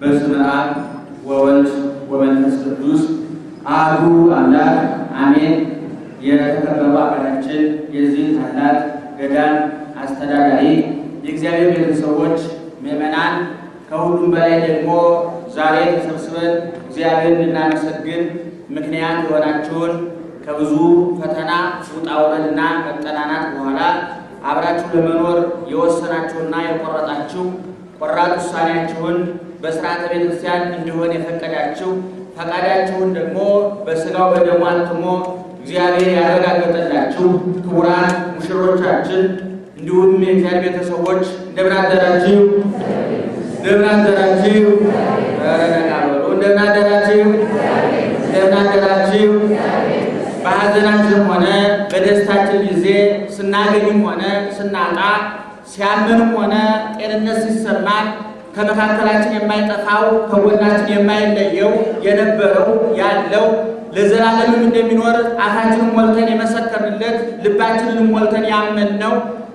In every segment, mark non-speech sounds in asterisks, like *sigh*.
በስመ አብ ወወልድ ወመንፈስ ቅዱስ አሐዱ አምላክ አሜን። የተከበሩ አባታችን የዚህ ታላቅ ገዳም አስተዳዳሪ፣ የእግዚአብሔር ቤተሰቦች፣ ምዕመናን ከሁሉም በላይ ደግሞ ዛሬ ተሰብስበን እግዚአብሔር ልናመሰግን ምክንያት የሆናችሁን ከብዙ ፈተና ውጣ ውረድና መጠናናት በኋላ አብራችሁ ለመኖር የወሰናችሁና የቆረጣችሁ ቆራጥ ውሳኔያችሁን በስርዓተ ቤተክርስቲያን እንዲሆን የፈቀዳችሁ ፈቃዳችሁን ደግሞ በስጋው በደሙ አትሞ እግዚአብሔር ያረጋገጠላችሁ ክቡራን ሙሽሮቻችን እንዲሁም የእግዚአብሔር ቤተሰቦች እንደምን አደራችሁ? እንደምን አደራችሁ? እንደምን አደራችሁ? እንደምን አደራችሁ? በሀዘናችን ሆነ በደስታችን ጊዜ ስናገኝም ሆነ ስናጣ ሲያምንም ሆነ ጤንነት ሲሰማን ከመካከላችን የማይጠፋው ከጎናችን የማይለየው የነበረው ያለው ለዘላለምም እንደሚኖር አፋችንን ሞልተን የመሰከርንለት ልባችንን ሞልተን ያመንነው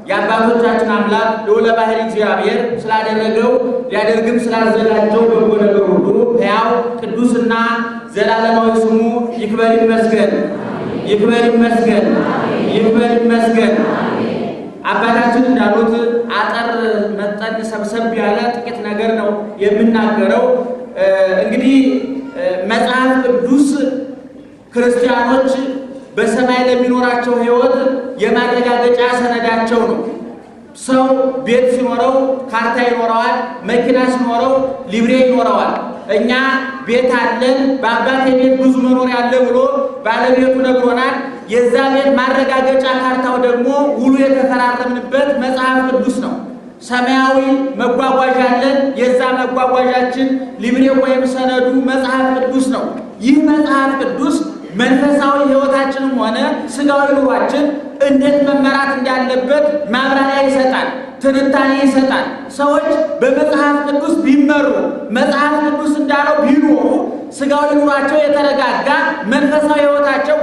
የአባቶቻችን አምላክ ልዑለ ባሕርይ እግዚአብሔር ስላደረገው ሊያደርግም ስላዘጋጀው በጎ ነገር ሁሉ ሕያው ቅዱስና ዘላለማዊ ስሙ ይክበር ይመስገን፣ ይክበር ይመስገን፣ ይክበር ይመስገን። አባታችን እንዳሉት አጠር መጠን ሰብሰብ ያለ የምናገረው። እንግዲህ መጽሐፍ ቅዱስ ክርስቲያኖች በሰማይ ለሚኖራቸው ሕይወት የማረጋገጫ ሰነዳቸው ነው። ሰው ቤት ሲኖረው ካርታ ይኖረዋል። መኪና ሲኖረው ሊብሬ ይኖረዋል። እኛ ቤት አለን፣ በአባቴ ቤት ብዙ መኖሪያ አለ ብሎ ባለቤቱ ነግሮናል። የዛ ቤት ማረጋገጫ ካርታው ደግሞ ውሉ የተፈራረምንበት መጽሐፍ ቅዱስ ነው። ሰማያዊ መጓጓዣ አለን። የዛ መጓጓዣችን ሊብሬ ወይም ሰነዱ መጽሐፍ ቅዱስ ነው። ይህ መጽሐፍ ቅዱስ መንፈሳዊ ሕይወታችንም ሆነ ስጋዊ ኑሯችን እንዴት መመራት እንዳለበት ማብራሪያ ይሰጣል፣ ትንታኔ ይሰጣል። ሰዎች በመጽሐፍ ቅዱስ ቢመሩ መጽሐፍ ቅዱስ እንዳለው ቢኖሩ ስጋዊ ኑሯቸው የተረጋጋ መንፈሳዊ ሕይወታቸው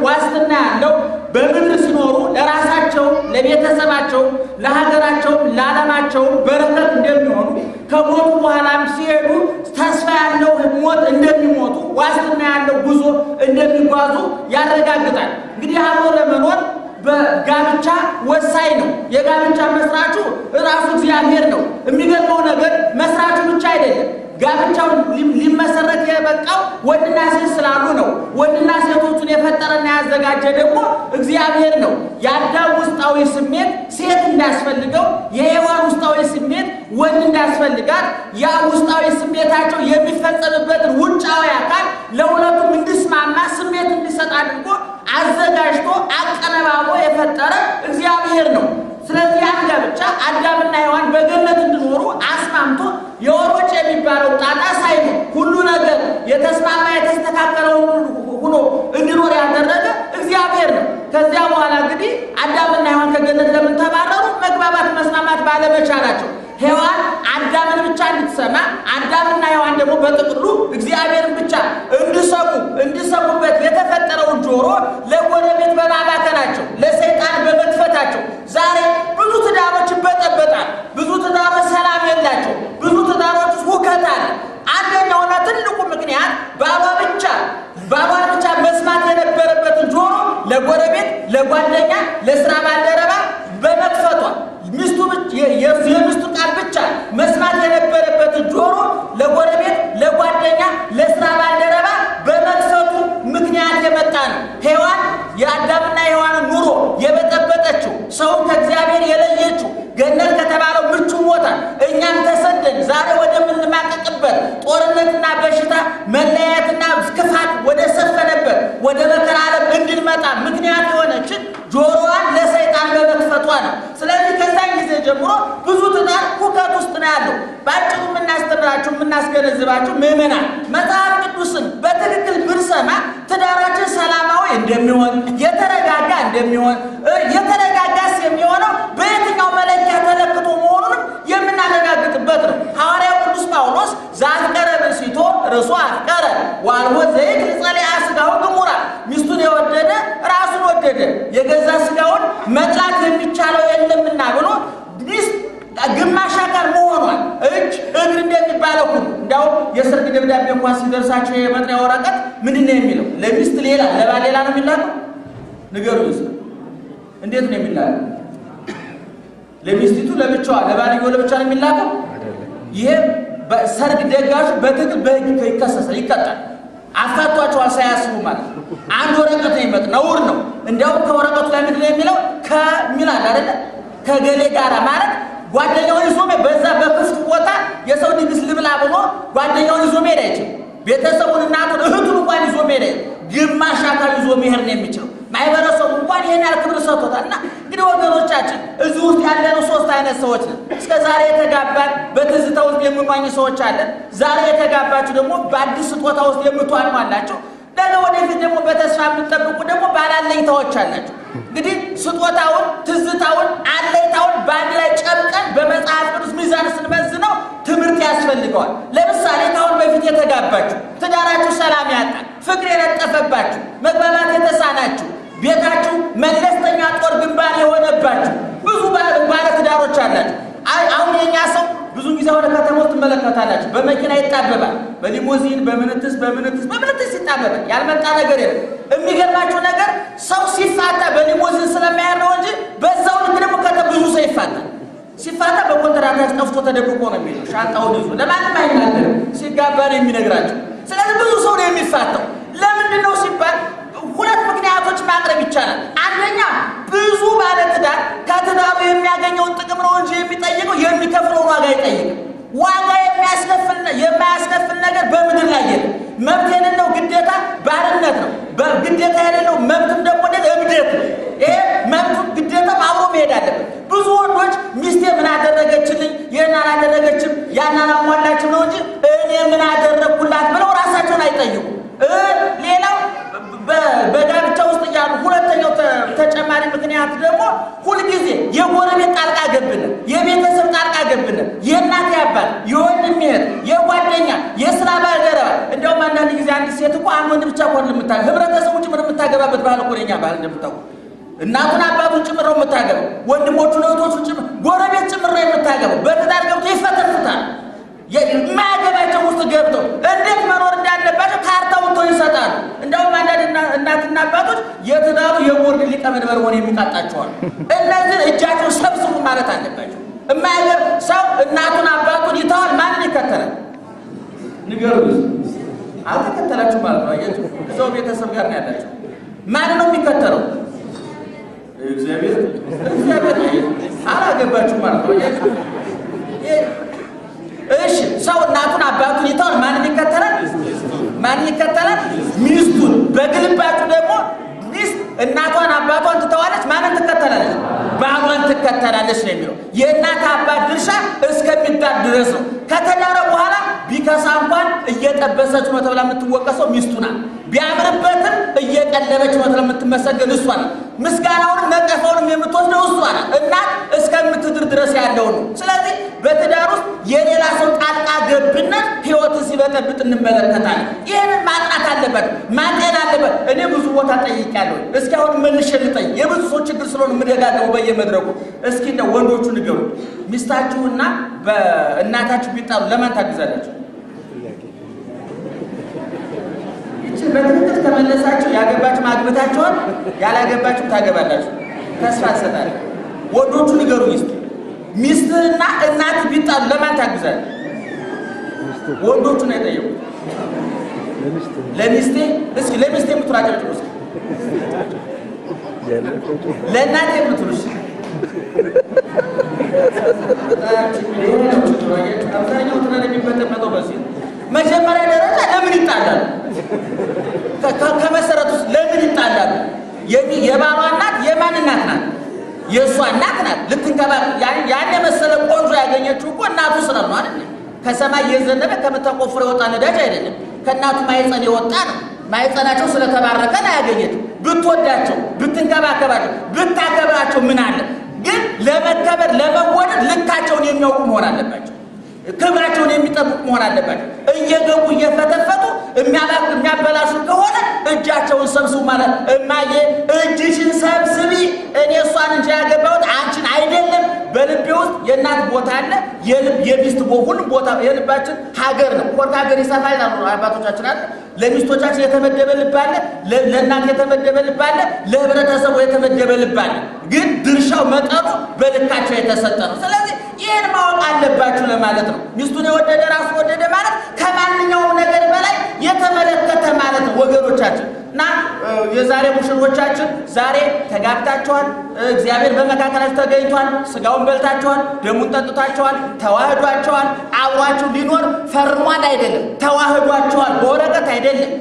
ለቤተሰባቸው፣ ለሀገራቸው፣ ለዓለማቸው በረከት እንደሚሆኑ ከሞቱ በኋላም ሲሄዱ ተስፋ ያለው ሞት እንደሚሞቱ ዋስትና ያለው ጉዞ እንደሚጓዙ ያረጋግጣል። እንግዲህ አብሮ ለመኖር በጋብቻ ወሳኝ ነው። የጋብቻ መስራቹ ራሱ እግዚአብሔር ነው። የሚገርመው ነገር መስራቹ ብቻ አይደለም። ጋብቻው ሊመሰረት የበቃው ወንድና ሴት ስላሉ ነው። ወንድና ያዘጋጀ ደግሞ እግዚአብሔር ነው። የአዳም ውስጣዊ ስሜት ሴት እንዳስፈልገው፣ የሔዋን ውስጣዊ ስሜት ወንድ እንዳስፈልጋት፣ ያ ውስጣዊ ስሜታቸው የሚፈጸምበትን ውጫዊ አካል ለሁለቱም እንዲስማማ ስሜት እንዲሰጥ አድርጎ አዘጋጅቶ አቀነባብሮ የፈጠረ እግዚአብሔር ነው። ስለዚህ ያን ጋብቻ አዳምና ሔዋን በገነት እንዲኖሩ አስማምቶ የወሮች የሚባለው ጣጣ ሳይሆን ሁሉ ነገር የተ ከዚያ በኋላ እንግዲህ አዳምና ሔዋን ከገነት ለምን ተባረሩ? መግባባት መስማማት ባለመቻላቸው። ሔዋን አዳምን ብቻ እንድትሰማ አዳምና ሔዋን ደግሞ በጥቅሉ እግዚአብሔርን ብቻ እንዲሰሙ እንዲሰሙበት የተፈጠረውን ጆሮ ለጎረቤት በማባከናቸው ለሰይጣን በመክፈታቸው ዛሬ ብዙ ትዳሮች ይበጠበጣል። ብዙ ትዳሮች ሰላም የላቸው። ብዙ ትዳሮች ውከት አለ። መለያየትና ክፋት ወደ ሰፈነበት ወደ መከራ ዓለም እንድንመጣ ምክንያት የሆነችን ጆሮዋን ለሰይጣን በመክፈቷ ነው። ስለዚህ ከዛን ጊዜ ጀምሮ ብዙ ትዳር ሁከት ውስጥ ነው ያለው። በአጭሩ የምናስተምራችሁ የምናስገነዝባችሁ ምዕመናን መጽሐፍ ቅዱስን በትክክል ብንሰማ ትዳራችን ሰላማዊ እንደሚሆን የተረጋጋ እንደሚሆን የተረጋጋስ የሚሆነው በየትኛው መለኪያ ተለክቶ መሆኑን እንኳን ሲደርሳቸው የመጥሪያ ወረቀት ምንድን ነው የሚለው? ለሚስት ሌላ ለባል ሌላ ነው የሚላከው? ስ እንዴት ነው የሚላከው? ለሚስቲቱ ለብቻዋ ለባልየው ለብቻ ነው የሚላከው? ይሄ ሰርግ ደጋሹ በትግል በህግ ይከሰሳል፣ ይቀጣል። አፋቷቸዋል ሳያስቡ ማለት ነው። አንድ ወረቀት ነው ነውር ነው። እንዲያውም ከወረቀቱ ላይ ምንድን ነው የሚለው ከሚል አለ አይደለ ከገሌ ጋር ማለት ጓደኛውን ይዞ በዛ በክፍት ቦታ የሰው ንግስ ልብላ ብሎ ጓደኛውን ይዞ መሄድ አይችልም። ቤተሰቡን፣ እናቱን፣ እህቱን እንኳን ይዞ መሄድ ግማሽ አካል ይዞ መሄድ ነው የሚችለው። ማህበረሰቡ እንኳን ይህን ያህል ክብር ሰጥቶታል። እና እንግዲህ ወገኖቻችን እዚህ ውስጥ ያለነው ሶስት አይነት ሰዎች ነን። እስከ ዛሬ የተጋባን በትዝታ ውስጥ የምንቋኝ ሰዎች አለን። ዛሬ የተጋባችሁ ደግሞ በአዲስ ስጦታ ውስጥ የምትዋኙ አላችሁ። ነገ ወደፊት ደግሞ በተስፋ የምትጠብቁ ደግሞ ባላለኝታዎች አላቸው። እንግዲህ ስጦታውን፣ ትዝታውን፣ አለይታውን በአንድ ላይ ጨምቀን በመጽሐፍ ቅዱስ ሚዛን ስንመዝነው ትምህርት ያስፈልገዋል። ለምሳሌ ከአሁን በፊት የተጋባችሁ ትዳራችሁ ሰላም ያጣል፣ ፍቅር የነጠፈባችሁ፣ መግባባት የተሳናችሁ፣ ቤታችሁ መለስተኛ ጦር ግንባር የሆነባችሁ ብዙ ባለ ትዳሮች አላችሁ። አሁን የኛ ሰው ብዙ ጊዜ ወደ ከተማ ውስጥ ትመለከታላችሁ፣ በመኪና ይጣበባል፣ በሊሞዚን በምንትስ በምንትስ በምንትስ ይጣበባል። ያልመጣ ነገር የለም። የሚገርማችሁ ነገር ሰው ሲፋታ በሊሞዝን ስለማያር ነው እንጂ በዛው ልክ ደግሞ ብዙ ሰው ይፋታ ሲፋታ በኮንትራታች ጠፍቶ ተደብቆ ነው የሚለው ሻንጣው ይዞ ለማንም አይናገርም። ሲጋባ ነው የሚነግራቸው። ስለዚህ ብዙ ሰው ነው የሚፋታው። ለምንድን ነው ሲባል ሁለት ምክንያቶች ማቅረብ ይቻላል። አንደኛ ብዙ ባለትዳር ከትዳሩ የሚያገኘውን ጥቅም ነው እንጂ የሚጠይቀው የሚከፍለውን ዋጋ ይጠይቅ ዋጋ የሚያስከፍል የማያስከፍል ነገር በምድር ላይ የለም። መብት የሌለው ግዴታ ባርነት ነው። ግዴታ የሌለው መብትም ደግሞ ደ እብደት ይሄ መብቱም ግዴታም አብሮ መሄድ አለበት። ብዙ ወንዶች ሚስቴ ምን አደረገችልኝ፣ ይህን አላደረገችም፣ ያን አላሟላችም ነው እንጂ እኔ ምን አደረግኩላት ብለው ራሳቸውን አይጠይቁ። ሌላው በጋብቻ ውስጥ እያሉ ሁለተኛው ተጨማሪ ምክንያት ደግሞ ሁልጊዜ የጎረቤት ጣልቃ ገብነት የቤተሰብ ጣልቃ የእናት አባት፣ የወንድም እህት፣ የጓደኛ፣ የስራ ባልደረባ እንደውም አንዳንድ ጊዜ አንድ ሴት እኮ አንድ ወንድ ብቻ ኮን ልምታ ህብረተሰቡ ጭምር የምታገባበት ባህል እኮ ነው ባህል እንደምታውቁ እናቱን አባቱን ጭምር ነው የምታገባው። ወንድሞቹን እህቶቹን ጭምር ጎረቤት ጭምር ነው የምታገባው። በትዳር ገብቶ ይፈተፍታል። የማያገባቸው ውስጥ ገብተው እንዴት መኖር እንዳለባቸው ካርታውን ተው ይሰጣሉ። እንደውም አንዳንድ እናትና አባቶች የትዳሩ የቦርድ ሊቀመንበር ሆነ የሚቃጣቸዋል። *laughs* እነዚህ እጃቸው ሰብስቡ ማለት አለባቸው። የማያገር ሰው እናቱን አባቱን ይተዋል። ማንን ይከተላል? ንገሩ። አልተከተላችሁ ማለት ነው። አያችሁ፣ እዛው ቤተሰብ ጋር ነው ያላችሁ። ማን ነው የሚከተለው? እግዚአብሔር። እግዚአብሔር አላገባችሁ ማለት ነው። አያችሁ። እሺ፣ ሰው እናቱን አባቱን ይተዋል። ማንን ይከተላል? ማንን ይከተላል? ሚስቱን። በግልባጩ ደግሞ ሚስት እናቷን አባቷን ትተዋለች። ማንን ትከተላለች? ባሏን ትከተላለች ነው የሚለው። የእናት አባት ድርሻ እስከሚዳር ድረስ ነው። ከተዳረ በኋላ ቢከሳ እንኳን እየጠበሰች ነው ተብላ የምትወቀሰው ሚስቱ ናት። ቢያምርበትም እየቀለበች ነው ተብላ የምትመሰገን እሷ ናት። ምስጋናውንም ነቀፋውንም የምትወስደው እሷ ናት። እናት እስከምትድር ድረስ ያለው ነው። ስለዚህ በትዳር ውስጥ የሌላ ሰው ጣልቃ ገብነት ሲበጠብጥ እንመለከታለን። ይህንን ማጥናት አለበት፣ ማጤን አለበት። እኔ ብዙ ቦታ ጠይቄያለሁ። እስኪ አሁን መልሼ ልጠይቅ። የብዙ ሰው ችግር ስለሆነ የምደጋገመው በየመድረኩ እስኪ እንደው ወንዶቹ ንገሩ፣ ሚስታችሁና በእናታችሁ ቢጣሉ ለማን ታግዛላችሁ? ይችን በትክክል ከመለሳችሁ ያገባችሁ ማግበታችኋል፣ ያላገባችሁ ታገባላችሁ። ተስፋ እንሰጣለን። ወንዶቹ ንገሩ፣ ሚስት ሚስትህና እናት ቢጣሉ ለማን ታግዛለህ? ወንዶቹ ነው የጠየቁት። ለሚስቴ እስኪ ለሚስቴ የምትራቀጭ ውስ ለእናቴ የምትሉስ አብዛኛው ትናንት የሚመጠመጠው በዚህ መጀመሪያ ደረጃ ለምን ይጣላል? ከመሰረቱ ውስጥ ለምን ይጣላሉ የባባ እናት የማን እናት ናት? የእሷ እናት ናት። ልትንከባ ያን የመሰለ ቆንጆ ያገኘችው እኮ እናቱ ስለነው አይደል? ከሰማይ የዘነበ ከምትቆፍረው የወጣ ነዳጅ አይደለም። ከእናቱ ማይፀን የወጣ ነው። ማይፀናቸው ስለተባረከን አያገኘትም። ብትወዳቸው፣ ብትንከባከባቸው፣ ብታከብራቸው ምን አለ? ግን ለመከበር ለመወደድ ልካቸውን የሚያውቁ መሆን አለባቸው። ክብራቸውን የሚጠብቁ መሆን አለባቸው። እየገቡ እየፈተፈቱ የሚያበላሹ ከሆነ እጃቸውን ሰብስቡ ማለት እማዬ እጅሽን የእናት ቦታ አለ፣ የሚስት ሁሉም ቦታ የልባችን ሀገር ነው። ኮርት ሀገር ይሰፋል ይላሉ አባቶቻችን አለ። ለሚስቶቻችን የተመደበ ልብ አለ፣ ለእናት የተመደበ ልብ አለ፣ ለህብረተሰቡ የተመደበ ልብ አለ። ግን ድርሻው መጠኑ በልካቸው የተሰጠ ነው። ስለዚህ ይህን ማወቅ አለባችሁ ለማለት ነው። ሚስቱን የወደደ ራሱ ወደደ ማለት ከማንኛውም ነገር በላይ የተመለከተ ማለት ነው ወገኖቻችን እና የዛሬ ሙሽሮቻችን ዛሬ ተጋብታችኋል፣ እግዚአብሔር በመካከላችሁ ተገኝቷል፣ ስጋውን በልታችኋል፣ ደሙን ጠጥታችኋል፣ ተዋህዷቸዋል፣ አብሯችሁ ሊኖር ፈርሟል። አይደለም ተዋህዷቸዋል፣ በወረቀት አይደለም፣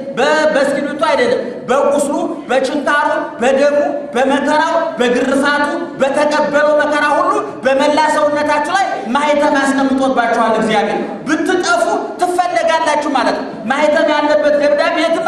በስኪኒቱ አይደለም፣ በቁስሉ፣ በችንታሩ፣ በደሙ፣ በመከራው፣ በግርፋቱ፣ በተቀበለው መከራ ሁሉ በመላ ሰውነታችሁ ላይ ማህተም አስቀምጦባችኋል። እግዚአብሔር ብትጠፉ ትፈለጋላችሁ ማለት ነው። ማህተም ያለበት ደብዳቤ የትም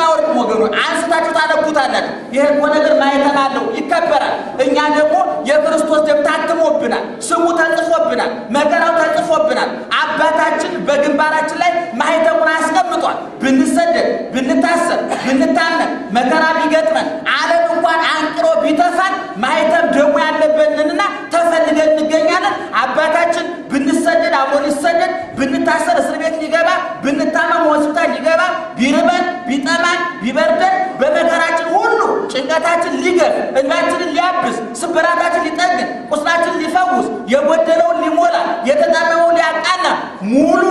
ይሄ እኮ ነገር ማየተን አለው ይከበራል። እኛ ደግሞ የክርስቶስ ደም ታትሞብናል፣ ስሙ ተጽፎብናል፣ መከራው ተጽፎብናል። አባታችን በግንባራችን ላይ ማየተሙን አስቀምጧል። ብንሰደድ፣ ብንታሰር፣ ብንታመን፣ መከራ ቢገጥመን፣ ዓለም እንኳን አንቅሮ ቢተፋን ማየተም ደግሞ ያለበንንና ተፈልገን እንገኛለን። አባታችን ብንሰደድ አሞን ይሰደድ፣ ብንታሰር እስር ቤት ሊገባ፣ ብንታመም ሆስፒታል ሊገባ፣ ቢርበን ቢጠማን ቢበር ጭንቀታችን ሊገፍ፣ እናችንን ሊያብስ፣ ስብራታችን ሊጠግን፣ ቁስላችን ሊፈውስ፣ የጎደለውን ሊሞላ፣ የተጠረውን ሊያቃና ሙሉ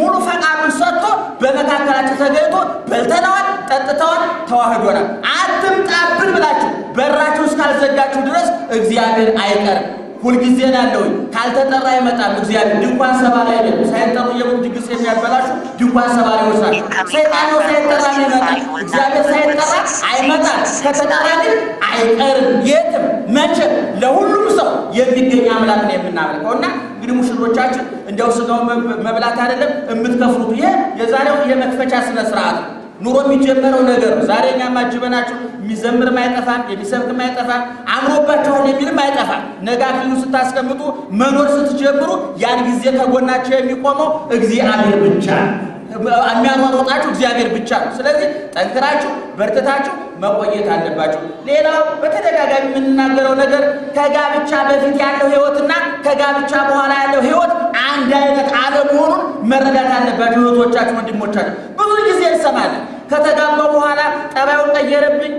ሙሉ ፈቃዱን ሰጥቶ በመካከላችን ተገኝቶ በልተነዋል፣ ጠጥተዋል፣ ተዋህዶናል። አትምጣብን ብላችሁ በራችሁ እስካልዘጋችሁ ድረስ እግዚአብሔር አይቀርም። ሁልጊዜ ናለሁኝ። ካልተጠራ አይመጣም እግዚአብሔር። ድንኳን ሰባሪ አይደለም። ሳይጠሩ የሙት ድግስ የሚያበላሹ ድንኳን ሰባሪዎች ናቸው። ሰይጣን ነው ሳይጠራ ይመጣ እግዚአብሔር ሳይጠራ አይመጣም። ከተጠራ ግን አይቀርም። የትም መቼ ለሁሉም ሰው የሚገኝ አምላክ ነው የምናመልከው እና እንግዲህ ሙሽሮቻችን እንዲያው ስጋውን መብላት አይደለም የምትከፍሩት። ይሄ የዛሬው የመክፈቻ ስነ ስርዓት ኑሮ የሚጀመረው ነገር ዛሬ እኛም አጅበናችሁ የሚዘምር ማይጠፋ የሚሰብክ ማይጠፋ አምሮባቸውን የሚልም አይጠፋን። ነገ ስታስቀምጡ መኖር ስትጀምሩ ያን ጊዜ ከጎናቸው የሚቆመው እግዚአብሔር ብቻ የሚያሟሙጣችሁ እግዚአብሔር ብቻ ነው። ስለዚህ ጠንክራችሁ በርትታችሁ መቆየት አለባችሁ። ሌላው በተደጋጋሚ የምንናገረው ነገር ከጋብቻ በፊት ያለው ህይወትና ከጋብቻ በኋላ ያለው ህይወት አንድ አይነት አለመሆኑን መረዳት አለባችሁ። ህይወቶቻችሁ፣ ወንድሞቻችሁ ብዙ ጊዜ እንሰማለን። ከተጋባ በኋላ ጠባዩ ቀየረብኝ፣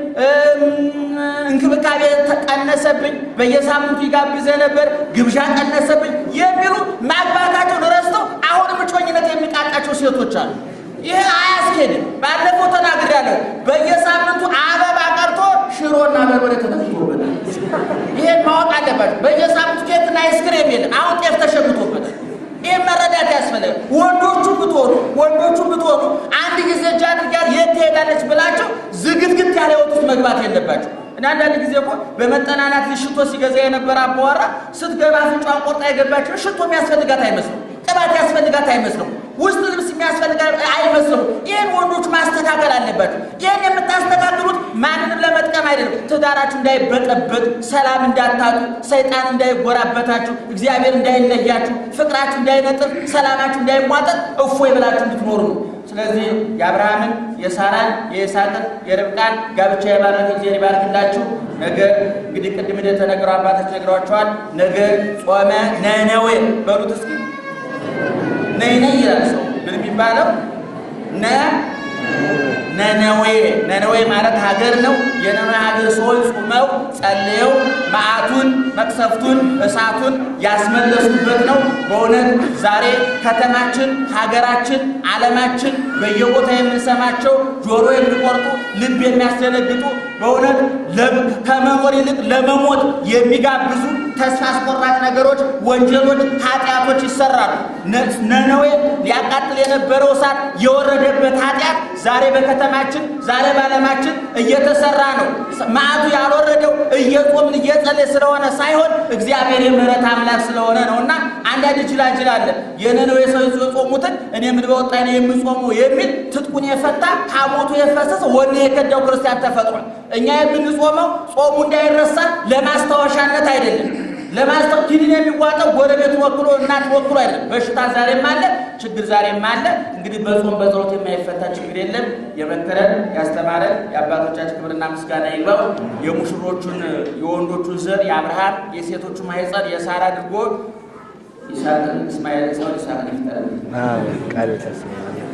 እንክብካቤ ተቀነሰብኝ በየሳምንቱ ይጋብዘ ነበር፣ ግብዣ ቀነሰብኝ የሚሉ ማግባ የሚያገቡ ሴቶች አሉ። ይሄ አያስኬድም። ባለፈው ተናግሬያለሁ። በየሳምንቱ አበባ ቀርቶ ሽሮና በርበሬ ተጠቅቶበታል። ይሄን ማወቅ አለባቸው። በየሳምንቱ ኬክና አይስክሬም የለም። አሁን ጤፍ ተሸምቶበታል። ይህ መረዳት ያስፈልጋል። ወንዶቹ ብትሆኑ ወንዶቹ ብትሆኑ አንድ ጊዜ ጃድር ጋር የት ትሄዳለች ብላቸው ዝግትግት ያለ ህይወት መግባት የለባቸው እና አንዳንድ ጊዜ እኮ በመጠናናት ሽቶ ሲገዛ የነበረ አባወራ ስትገባ አፍንጫዋን ቆርጣ የገባቸው ሽቶ የሚያስፈልጋት አይመስለው፣ ቅባት ያስፈልጋት አይመስለው ውስጥ ልብስ የሚያስፈልገ አይመስሉ። ይህን ወንዶች ማስተካከል አለበት። ይህን የምታስተካክሉት ማንንም ለመጥቀም አይደለም። ትዳራችሁ እንዳይበጠበጥ፣ ሰላም እንዳታጡ፣ ሰይጣን እንዳይጎራበታችሁ፣ እግዚአብሔር እንዳይለያችሁ፣ ፍቅራችሁ እንዳይነጥፍ፣ ሰላማችሁ እንዳይሟጠጥ እፎ ብላችሁ እንድትኖሩ ነው። ስለዚህ የአብርሃምን፣ የሳራን፣ የይስሐቅን፣ የርብቃን ጋብቻ የባረከ ጊዜን ይባርክላችሁ። ነገ እንግዲህ ቅድም እንደተነገረው አባቶች ነግሯቸዋል። ነገ ጾመ ነነዌ በሉት እስኪ ነይነ ይላል ሰው ምን የሚባለው ነ ነነዌ ነነዌ ማለት ሀገር ነው። የነነዌ ሀገር ሰዎች ጾመው ጸልየው መዓቱን መቅሰፍቱን እሳቱን ያስመለሱበት ነው። በእውነት ዛሬ ከተማችን፣ ሀገራችን፣ ዓለማችን በየቦታ የምንሰማቸው ጆሮ የሚቆርጡ ልብ የሚያስደነግጡ በእውነት ከመኖር ይልቅ ለመሞት የሚጋብዙ ተስፋ አስቆራጭ ነገሮች፣ ወንጀሎች፣ ኃጢአቶች ይሰራሉ። ነነዌ ሊያቃጥል የነበረው እሳት የወረደበት ኃጢአት ዛሬ በከተማችን ዛሬ ባለማችን እየተሰራ ነው። መዓቱ ያልወረደው እየጾምን እየጸለይ ስለሆነ ሳይሆን እግዚአብሔር የምህረት አምላክ ስለሆነ ነው እና አንዳንድ ይችላል ይችላል የነነዌ ሰው የጾሙትን እኔ ምን በወጣ ነው የምጾመው የሚል ትጥቁን የፈታ ታቦቱ የፈሰሰ ወኔ የከዳው ክርስቲያን ተፈጥሯል። እኛ የምንጾመው ጾሙ እንዳይረሳ ለማስታወሻነት አይደለም። ለማስጠር ኪኒን የሚዋጠው ጎረቤቱን ወክሎ እናት ወክሎ አይደለም። በሽታ ዛሬም አለ፣ ችግር ዛሬም አለ። እንግዲህ በጾም በጸሎት የማይፈታ ችግር የለም። የመከረን ያስተማረን የአባቶቻችን ክብርና ምስጋና ይግባው። የሙሽሮቹን የወንዶቹን ዘር የአብርሃም የሴቶቹን ማህፀን የሳራ አድርጎ ይስሐቅን እስማኤልን ሰውን ይስሐቅን ይፍጠረን።